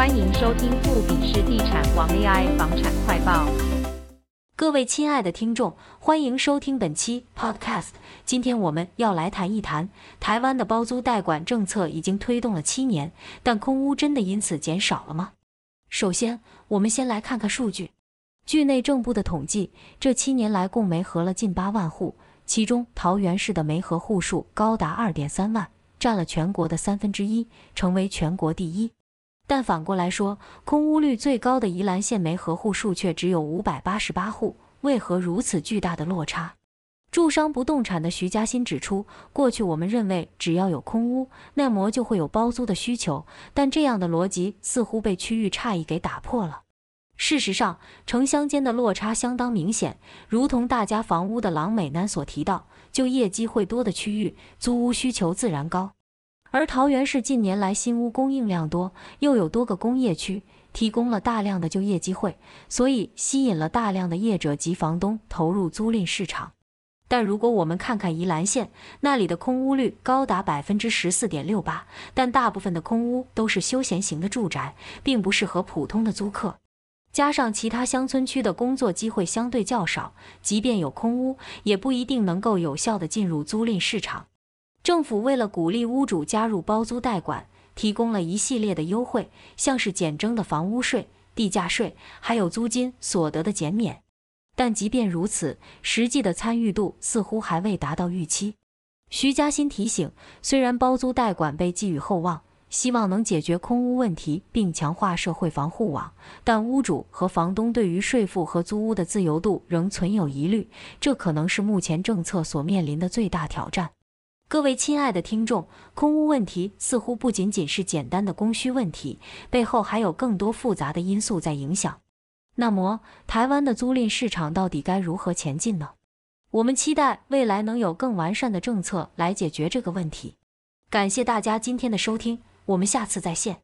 歡迎收聽富比士地產王 AI 房產快報。各位親愛的聽眾，歡迎收聽本期 Podcast。今天我們要來談一談台灣的包租代管政策已經推動了七年，但空屋真的因此減少了嗎？首先，我們先來看看數據。據內政部的統計，這七年來共媒合了近八萬戶，其中桃園市的媒合戶數高達二點三萬，占了全國的三分之一，成為全國第一。但反過來說，空屋率最高的宜蘭縣媒合戶數卻只有五百八十八戶，為何如此巨大的落差？住商不動產的徐嘉欣指出，過去我們認為只要有空屋，那麼就會有包租的需求，但這樣的邏輯似乎被區域差異給打破了。事實上，城鄉間的落差相當明顯，如同大家房屋的郎美男所提到，就業機會多的區域，租屋需求自然高。而桃園市近年來新屋供應量多，又有多個工業區，提供了大量的就業機會，所以吸引了大量的業者及房東投入租賃市場。但如果我們看看宜蘭縣，那裡的空屋率高達百分之十四點六八，但大部分的空屋都是休閒型的住宅，並不適合普通的租客。加上其他鄉村區的工作機會相對較少，即便有空屋，也不一定能夠有效地進入租賃市場。政府為了鼓勵屋主加入包租代管，提供了一系列的優惠，像是減徵的房屋稅、地價稅，還有租金所得的減免。但即便如此，實際的參與度似乎還未達到預期。徐嘉欣提醒，雖然包租代管被寄予厚望，希望能解決空屋問題並強化社會防護網，但屋主和房東對於稅負和租屋的自由度仍存有疑慮，這可能是目前政策所面臨的最大挑戰。各位親愛的聽眾，空屋問題似乎不僅僅是簡單的供需問題，背後還有更多複雜的因素在影響。那麼，台灣的租賃市場到底該如何前進呢？我們期待未來能有更完善的政策來解決這個問題。感謝大家今天的收聽，我們下次再見。